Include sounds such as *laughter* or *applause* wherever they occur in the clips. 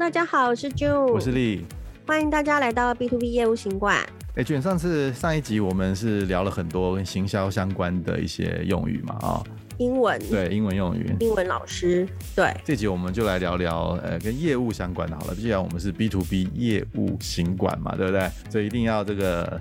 大家好，我是 June，我是 Li，歡迎大家來到 B to B 業務行館。哎，June，上次上一集我們是聊了很多跟行銷相關的一些用語嘛、哦，啊。英文對，英文用語，英文老師對。這集我們就來聊聊，呃，跟業務相關的，好了，既然我們是 B to B 業務行管嘛，對不對？所以一定要這個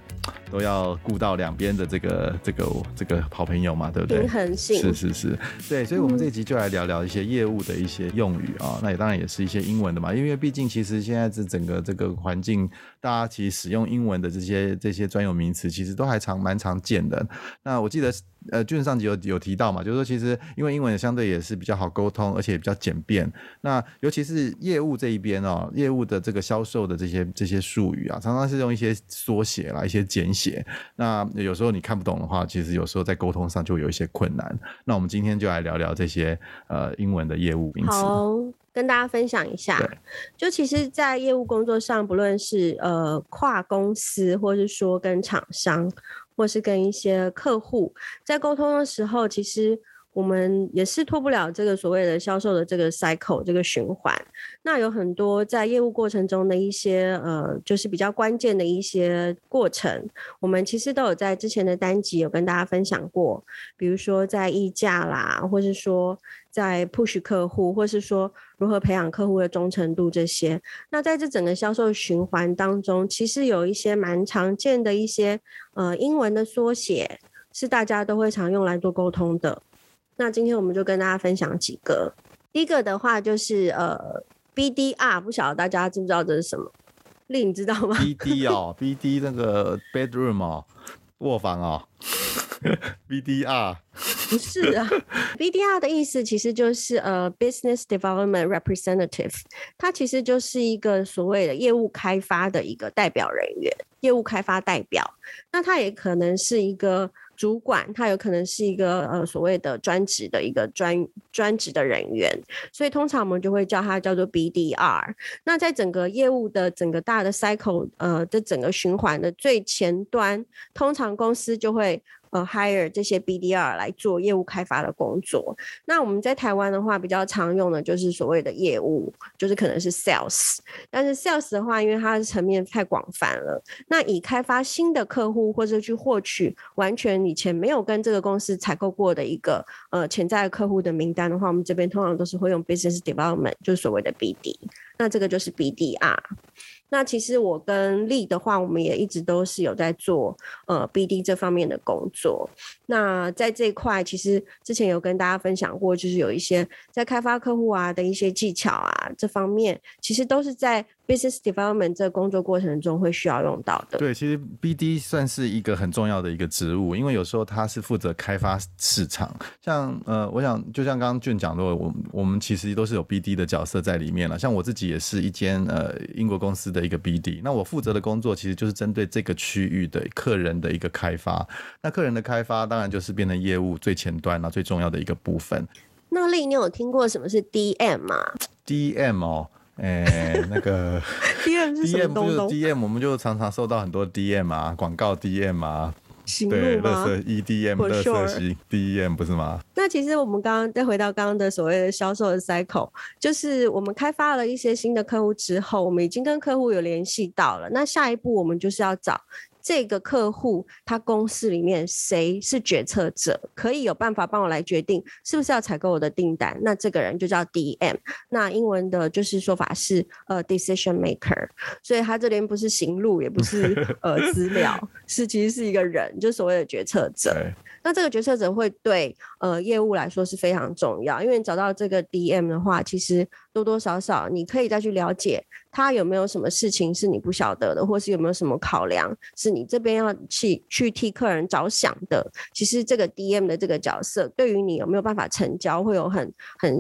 都要顧到兩邊的這個這個、這個、這個好朋友嘛，對不對？平衡性是是是，對。所以，我們這集就來聊聊一些業務的一些用語啊、嗯哦，那也當然也是一些英文的嘛，因為畢竟其實現在這整個這個環境，大家其實使用英文的這些這些專有名詞，其實都還常蠻常見的。那我記得。呃，June 上集有有提到嘛，就是說其實因為英文相對也是比較好溝通，而且也比較簡便。那尤其是業務這一邊哦，業務的這個銷售的這些這些術語啊，常常是用一些縮寫啦、一些簡寫。那有時候你看不懂的話，其實有時候在溝通上就有一些困難。那我們今天就來聊聊這些呃英文的業務名詞。好，跟大家分享一下。對，就其實，在業務工作上，不論是呃跨公司，或是說跟廠商。或是跟一些客戶在溝通的時候，其實，我們也是脫不了這個所謂的銷售的這個 cycle 這個循環。那有很多在業務過程中的一些呃，就是比較關鍵的一些過程，我們其實都有在之前的單集有跟大家分享過，比如說在議價啦，或是說在 push 客戶，或是說如何培養客戶的忠誠度這些。那在這整個銷售循環當中，其實有一些蠻常見的一些呃英文的縮寫，是大家都會常用來做溝通的。那今天我們就跟大家分享幾個，第一個的話就是呃，BDR，不曉得大家知不知道這是什麼？Li，你知道嗎？BD 哦 *laughs* ，BD 那個 bedroom 哦，臥房哦 *laughs* ，BDR 不是啊 *laughs* ，BDR 的意思其實就是呃，Business Development Representative，它其實就是一個所謂的業務開發的一個代表人員，業務開發代表，那它也可能是一個。主管，他有可能是一個呃，所謂的專職的一個專專職的人員，所以通常我們就會叫他叫做 BDR。那在整個業務的整個大的 cycle 呃，的整個循環的最前端，通常公司就會。呃、uh，hire 這些 BDR 來做業務開發的工作。那我們在台灣的話，比較常用的就是所謂的業務，就是可能是 sales。但是 sales 的話，因為它的層面太廣泛了，那以開發新的客戶或者去獲取完全以前沒有跟這個公司採購過的一個呃潛在的客戶的名單的話，我們這邊通常都是會用 business development，就是所謂的 BD。那這個就是 BDR。那其實我跟 Li 的話，我們也一直都是有在做呃 BD 這方面的工作。那在這一塊，其實之前有跟大家分享過，就是有一些在開發客戶啊的一些技巧啊，這方面其實都是在 Business Development 這個工作過程中會需要用到的。對，其實 BD 算是一個很重要的一個職務，因為有時候他是負責開發市場。像呃，我想就像剛剛俊講的，我我們其實都是有 BD 的角色在裡面了。像我自己也是一間呃英國公司的一個 BD，那我負責的工作其實就是針對這個區域的客人的一個開發。那客人的開發當然就是變成業務最前端啊最重要的一個部分。那麗，你有聽過什麼是 DM 嗎？DM 哦。哎、欸，那個，D M 是什麼東東？D M 就是 D M，我們就常常收到很多 D M 啊，廣告 D M 啊，路，對，垃圾 E D M，垃圾 D M 不是嗎？那其實我們剛剛再回到剛剛的所謂的銷售的 cycle，就是我們開發了一些新的客戶之後，我們已經跟客戶有聯繫到了，那下一步我們就是要找。這個客戶他公司裡面誰是決策者，可以有辦法幫我來決定是不是要採購我的訂單？那這個人就叫 DM，那英文的就是說法是呃 decision maker，所以他這邊不是型錄，也不是呃資料， *laughs* 是其實是一個人，就是所謂的決策者。Right. 那這個決策者會對呃業務來說是非常重要，因為你找到這個 DM 的話，其實。多多少少，你可以再去了解他有沒有什麼事情是你不曉得的，或是有沒有什麼考量是你這邊要去去替客人着想的。其實這個 DM 的這個角色，對於你有沒有辦法成交，會有很很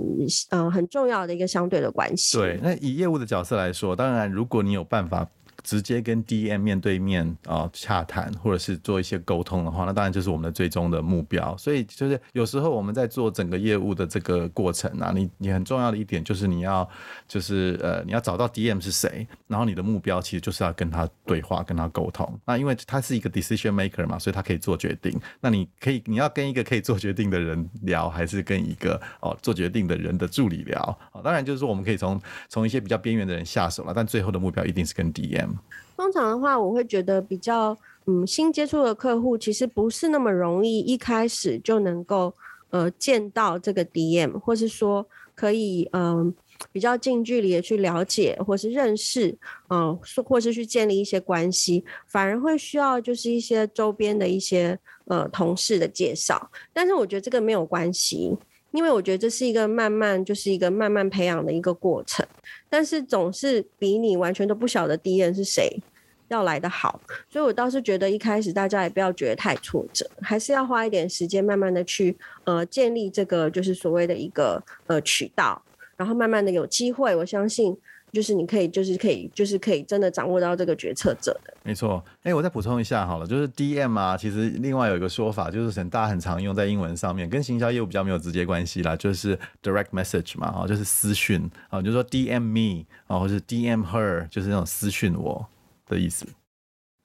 呃很重要的一個相對的關係。對，那以業務的角色來說，當然如果你有辦法。直接跟 DM 面對面啊、呃、洽談，或者是做一些溝通的話，那當然就是我們的最終的目標。所以就是有時候我們在做整個業務的這個過程啊，你你很重要的一點就是你要就是呃你要找到 DM 是誰，然後你的目標其實就是要跟他對話，跟他溝通。那因為他是一個 decision maker 嘛，所以他可以做決定。那你可以你要跟一個可以做決定的人聊，還是跟一個哦、呃、做決定的人的助理聊？當然，就是說我們可以從從一些比較邊緣的人下手了，但最後的目標一定是跟 DM。通常的話，我會覺得比較嗯，新接觸的客戶其實不是那麼容易一開始就能夠、呃、見到這個 DM，或是說可以嗯、呃、比較近距離的去了解或是認識，嗯、呃，或是去建立一些關係，反而會需要就是一些周邊的一些呃同事的介紹。但是我覺得這個沒有關係。因為我覺得這是一個慢慢，就是一個慢慢培養的一個過程，但是總是比你完全都不曉得敵人是誰要來的好，所以我倒是覺得一開始大家也不要覺得太挫折，還是要花一點時間，慢慢的去呃建立這個就是所謂的一個呃渠道，然後慢慢的有機會，我相信。就是你可以，就是可以，就是可以真的掌握到這個決策者的。沒錯，哎、欸，我再補充一下好了，就是 DM 啊，其實另外有一個說法，就是很大家很常用在英文上面，跟行銷業務比較沒有直接關係啦，就是 Direct Message 嘛，哦、就是私訊啊、哦哦，就是說 DM me 啊，或是 DM her，就是那種私訊我的意思。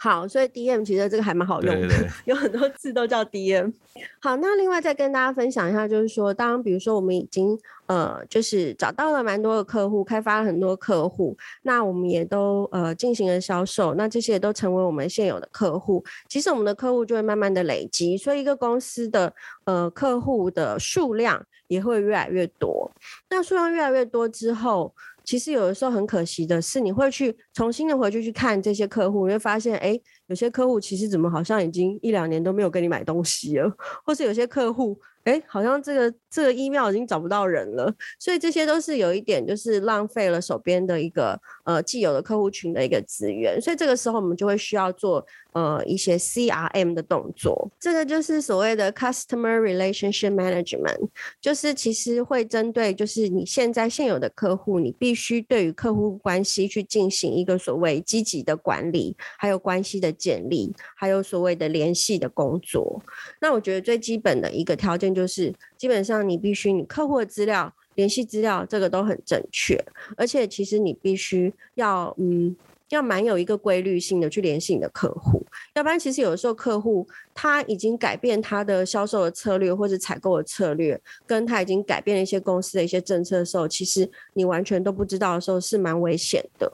好，所以 DM 其實這個還蠻好用的，對對對 *laughs* 有很多字都叫 DM。好，那另外再跟大家分享一下，就是說，當比如說我們已經呃，就是找到了蠻多的客戶，開發了很多客戶，那我們也都呃進行了銷售，那這些也都成為我們現有的客戶。其實我們的客戶就會慢慢的累積，所以一個公司的呃客戶的數量也會越來越多。那數量越來越多之後。其實有的時候很可惜的是，你會去重新的回去去看這些客戶，你會發現，哎，有些客戶其實怎麼好像已經一兩年都沒有跟你買東西了，或是有些客戶。哎，好像這個這個 email 已經找不到人了，所以這些都是有一點，就是浪費了手邊的一個呃既有的客戶群的一個資源，所以這個時候我們就會需要做呃一些 CRM 的動作，這個就是所謂的 Customer Relationship Management，就是其實會針對就是你現在現有的客戶，你必須對於客戶關係去進行一個所謂積極的管理，還有關係的建立，還有所謂的聯繫的工作。那我覺得最基本的一個條件。就是基本上你必須，你客戶的資料、聯系資料，這個都很正確。而且其實你必須要，嗯，要蠻有一個規律性的去聯系你的客戶。要不然，其實有時候客戶他已經改變他的銷售的策略，或者採購的策略，跟他已經改變了一些公司的一些政策的時候，其實你完全都不知道的時候，是蠻危險的。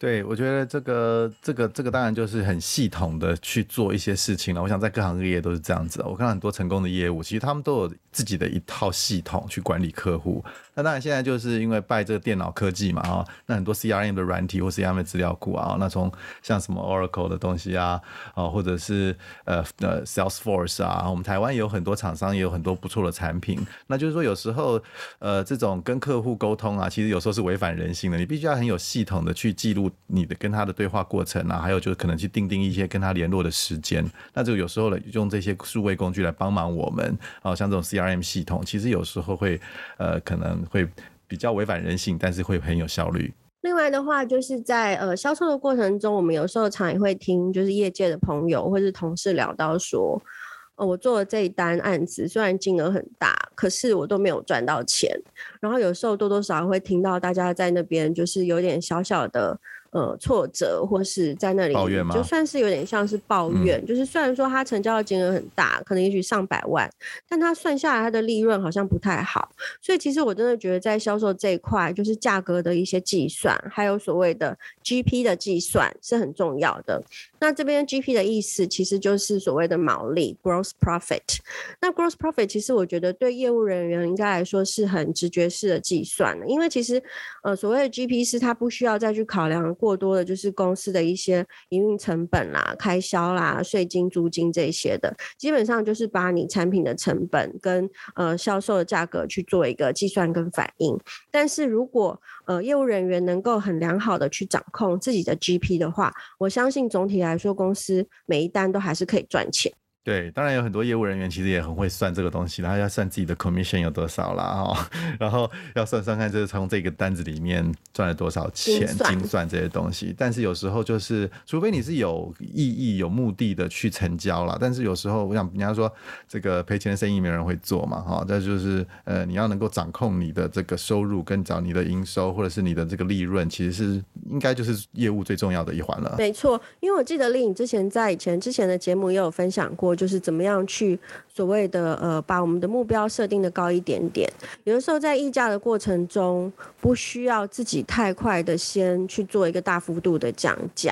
對，我覺得這個這個這個當然就是很系統的去做一些事情了。我想在各行各業都是這樣子。我看到很多成功的業務，其實他們都有自己的一套系統去管理客戶。那當然現在就是因為拜這個電腦科技嘛，啊，那很多 CRM 的軟體或 CRM 的資料庫啊，那從像什麼 Oracle 的東西啊，啊，或者是呃呃 Salesforce 啊，我們台灣也有很多廠商也有很多不錯的產品。那就是說有時候呃這種跟客戶溝通啊，其實有時候是違反人性的，你必須要很有系統的去記錄。你的跟他的對話過程啊，還有就是可能去訂定一些跟他聯絡的時間，那就有時候呢，用這些數位工具來幫忙我們，哦、啊，像這種 CRM 系統，其實有時候會呃可能會比較違反人性，但是會很有效率。另外的話，就是在呃銷售的過程中，我們有時候常也會聽就是業界的朋友或是同事聊到說，呃，我做了這一單案子，雖然金額很大，可是我都沒有賺到錢。然後有時候多多少少會聽到大家在那邊就是有點小小的。呃，挫折，或是在那裡抱怨嗎，就算是有點像是抱怨。嗯、就是雖然說他成交的金額很大，可能也許上百萬，但他算下來他的利潤好像不太好。所以其實我真的覺得在銷售這一塊，就是價格的一些計算，還有所謂的 G P 的計算是很重要的。那這邊 G P 的意思其實就是所謂的毛利 （gross profit）。那 gross profit 其實我覺得對業務人員應該來說是很直覺式的計算的，因為其實呃，所謂的 G P 是他不需要再去考量。過多的就是公司的一些營運成本啦、開銷啦、稅金、租金這些的，基本上就是把你產品的成本跟呃銷售的價格去做一個計算跟反應。但是如果呃業務人員能夠很良好的去掌控自己的 GP 的話，我相信總體來說公司每一單都還是可以賺錢。對，當然有很多業務人員其實也很會算這個東西，然後要算自己的 commission 有多少啦。哈，然後要算算看就是從這個單子裡面賺了多少錢，精算,精算這些東西。但是有時候就是，除非你是有意義、有目的的去成交啦，但是有時候我想人家說這個賠錢的生意沒人會做嘛哈，但就是呃，你要能夠掌控你的這個收入，跟找你的營收或者是你的這個利潤，其實是應該就是業務最重要的一環了。沒錯，因為我記得麗穎之前在以前之前的節目也有分享過。就是怎麼樣去所謂的呃把我們的目標設定的高一點點，有的時候在議價的過程中不需要自己太快的先去做一個大幅度的降價。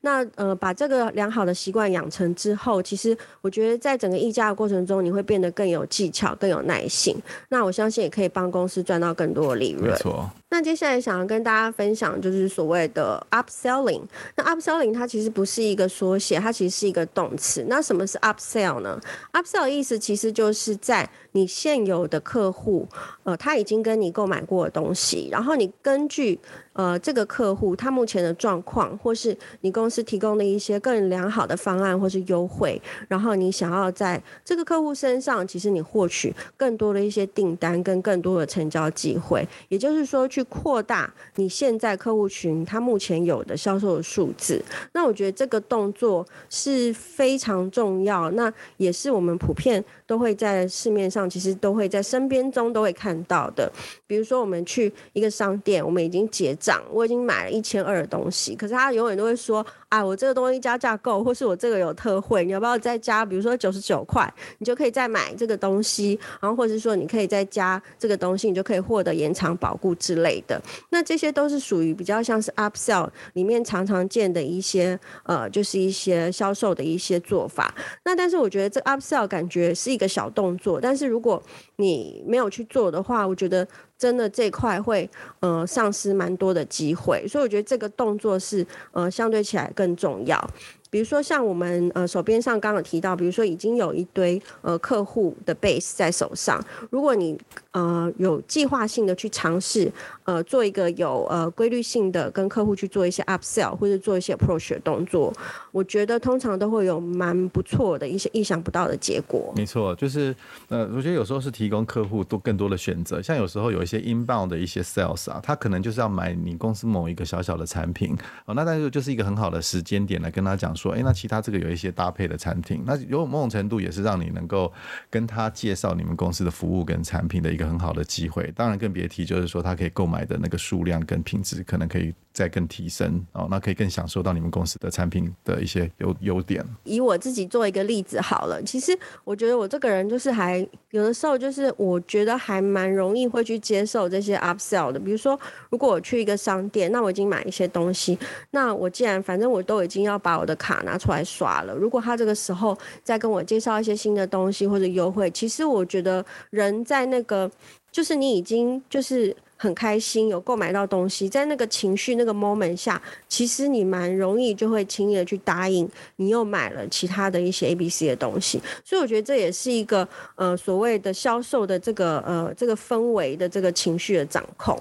那呃把這個良好的習慣養成之後，其實我覺得在整個議價的過程中你會變得更有技巧、更有耐心。那我相信也可以幫公司賺到更多的利潤。沒錯。那接下來想要跟大家分享就是所謂的 upselling。那 upselling 它其實不是一個縮寫，它其實是一個動詞。那什麼是 upselling？sell 呢？Upsell 意思其實就是在你現有的客戶，呃，他已經跟你購買過的東西，然後你根據，呃，這個客戶他目前的狀況，或是你公司提供的一些更良好的方案或是優惠，然後你想要在這個客戶身上，其實你獲取更多的一些訂單跟更多的成交機會，也就是說去擴大你現在客戶群他目前有的銷售的數字。那我覺得這個動作是非常重要，那也是我們普遍都會在市面上，其實都會在身邊中都會看到的。比如說我們去一個商店，我們已經結。我已經買了一千二的東西，可是他永遠都會說，啊、哎，我這個東西加價購，或是我這個有特惠，你要不要再加？比如說九十九塊，你就可以再買這個東西，然後或者是說你可以再加這個東西，你就可以獲得延長保固之類的。那這些都是屬於比較像是 upsell 裡面常常見的一些，呃，就是一些銷售的一些做法。那但是我覺得這 upsell 感覺是一個小動作，但是如果你沒有去做的話，我覺得。真的這塊會呃喪失蠻多的機會，所以我覺得這個動作是呃相對起來更重要。比如說像我們呃手邊上剛剛有提到，比如說已經有一堆呃客戶的 base 在手上，如果你呃有計劃性的去嘗試呃做一個有呃規律性的跟客戶去做一些 upsell 或者做一些 approach 動作，我覺得通常都會有蠻不錯的一些意想不到的結果。沒錯，就是呃我覺得有時候是提供客戶多更多的選擇，像有時候有一些 inbound 的一些 sales 啊，他可能就是要買你公司某一個小小的產品，哦，那但是就是一個很好的時間點來跟他講。說哎，那其他這個有一些搭配的產品，那有某種程度也是讓你能夠跟他介紹你們公司的服務跟產品的一個很好的機會。當然更別提就是說他可以購買的那個數量跟品質，可能可以再更提升哦。那可以更享受到你們公司的產品的一些優優點。以我自己做一個例子好了，其實我覺得我這個人就是還有的時候就是我覺得還蠻容易會去接受這些 upsell 的。比如說，如果我去一個商店，那我已經買一些東西，那我既然反正我都已經要把我的卡拿出來刷了，如果他這個時候再跟我介紹一些新的東西或者優惠，其實我覺得人在那個就是你已經就是很開心有購買到東西，在那個情緒那個 moment 下，其實你蠻容易就會輕易的去答應，你又買了其他的一些 A、B、C 的東西，所以我覺得這也是一個呃所謂的銷售的這個呃這個氛圍的這個情緒的掌控。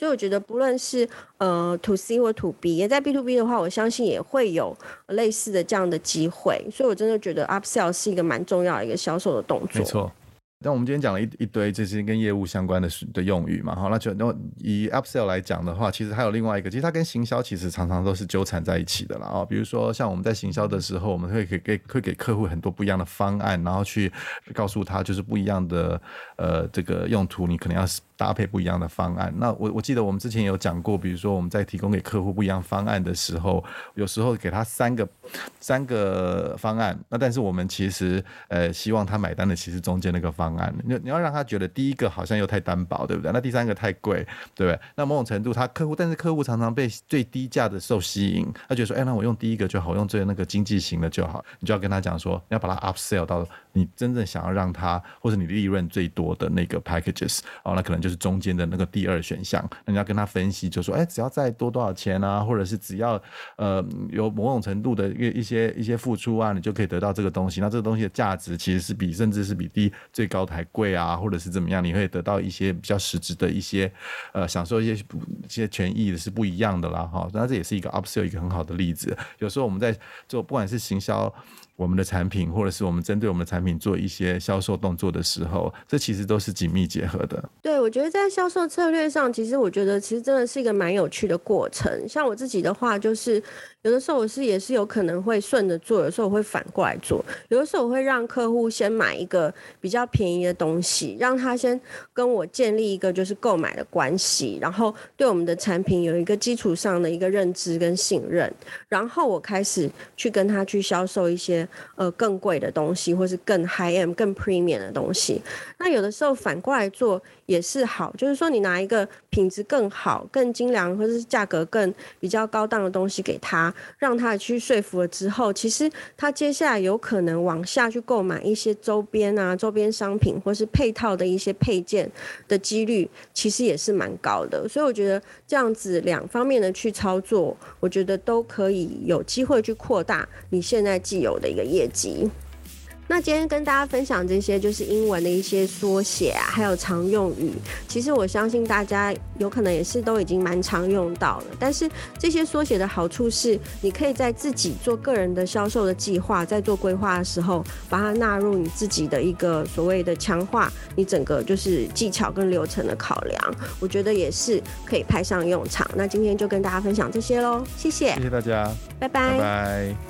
所以我覺得，不論是呃 to C 或 to B，也在 B to B 的話，我相信也會有類似的這樣的機會。所以，我真的覺得 upsell 是一個蠻重要的一個銷售的動作。沒錯。那我們今天講了一一堆這些跟業務相關的的用語嘛，哈，那就那以 upsell 來講的話，其實還有另外一個，其實它跟行銷其實常常都是糾纏在一起的啦。哦，比如說，像我們在行銷的時候，我們會給給會給客戶很多不一樣的方案，然後去告訴他就是不一樣的呃這個用途，你可能要。搭配不一樣的方案。那我我記得我們之前有講過，比如說我們在提供給客戶不一樣方案的時候，有時候給他三個三個方案。那但是我們其實呃希望他買單的其實中間那個方案。你你要讓他覺得第一個好像又太單薄，對不對？那第三個太貴，對不對？那某種程度他客戶，但是客戶常常被最低價的受吸引，他覺得說哎，那我用第一個就好，用最那個經濟型的就好。你就要跟他講說，你要把它 upsell 到你真正想要讓他或是你利潤最多的那個 packages。哦，那可能就是。是中間的那個第二選項，你要跟他分析就說：“哎，只要再多多少錢啊，或者是只要呃有某種程度的、一一些一些付出啊，你就可以得到這個東西。那這個東西的價值其實是比甚至是比第最高的還貴啊，或者是怎麼樣？你會得到一些比較實質的一些呃享受一些一些權益是不一樣的啦，哈、哦。那這也是一個 upsell 一個很好的例子。有時候我們在做，不管是行銷。”我們的產品，或者是我們針對我們的產品做一些銷售動作的時候，這其實都是緊密結合的。對，我覺得在銷售策略上，其實我覺得其實真的是一個蠻有趣的過程。像我自己的話，就是有的時候我是也是有可能會順着做，有時候我會反過來做，有的時候我會讓客戶先買一個比較便宜的東西，讓他先跟我建立一個就是購買的關係，然後對我們的產品有一個基礎上的一個認知跟信任，然後我開始去跟他去銷售一些。呃，更貴的東西，或是更 high-end、更 premium 的東西。那有的時候反過來做也是好，就是說你拿一個品質更好、更精良，或者是價格更比較高檔的東西給他，讓他去說服了之後，其實他接下來有可能往下去購買一些周邊啊、周邊商品，或是配套的一些配件的幾率，其實也是蠻高的。所以我覺得這樣子兩方面的去操作，我覺得都可以有機會去擴大你現在既有的。一個業績。那今天跟大家分享這些，就是英文的一些縮寫啊，還有常用語。其實我相信大家有可能也是都已經蠻常用到了。但是這些縮寫的好處是，你可以在自己做個人的銷售的計劃，在做規劃的時候，把它納入你自己的一個所謂的強化你整個就是技巧跟流程的考量。我覺得也是可以派上用場。那今天就跟大家分享這些嘍，謝謝，謝謝大家，拜拜，拜拜。